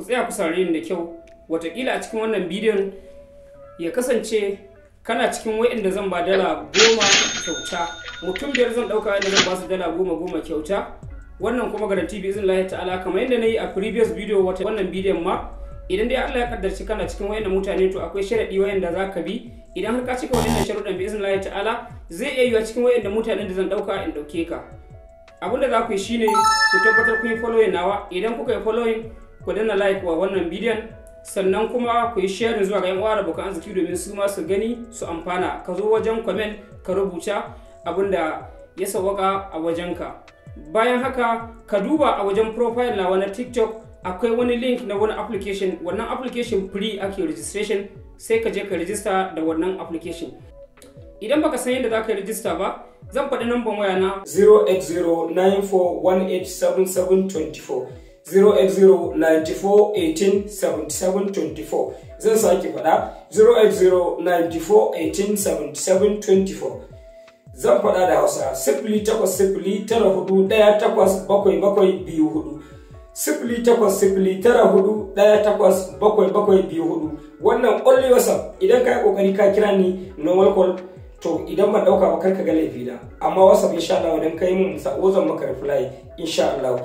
ku tsaya ku saurari ni da kyau watakila a cikin wannan bidiyon ya kasance kana cikin wa'inda zan ba dala goma kyauta mutum biyar zan ɗauka inda zan ba su dala goma goma kyauta wannan kuma garanti bi izin lahi ta'ala kamar yadda na yi a previous video wata wannan bidiyon ma idan dai Allah ya kaddarci kana cikin da mutane to akwai sharadi da za ka bi idan har ka cika wayannan sharuɗan bi izin lahi ta'ala zai iya yiwa cikin wayannan mutanen da zan ɗauka in ɗauke ka abinda za ku yi shine ku tabbatar ku yi following nawa idan kuka yi following ku danna like wa wannan bidiyon sannan kuma ku yi sharing zuwa ga yan uwa da bukan arziki domin su ma su gani su amfana ka zo wajen comment ka rubuta abin da ya sawaka a wajenka bayan haka ka duba a wajen profile na wani tiktok akwai wani link na wani application wannan application free ake registration sai ka je ka register da wannan application idan baka san yadda za ka register ba zan faɗi namban waya na 08094187724 08094187724 zan sake faɗa 08094187724 zan faɗa da hausa sifili takwas sifili tara hudu ɗaya takwas bakwai bakwai biyu hudu sifili takwas sifili tara hudu ɗaya takwas bakwai bakwai biyu hudu wannan only whatsapp idan ka yi ƙoƙari ka kira ni normal call to idan ban dauka ba kar ka ga laifi da. amma whatsapp insha Allah idan ka yi mun sa'o zan maka reply insha Allah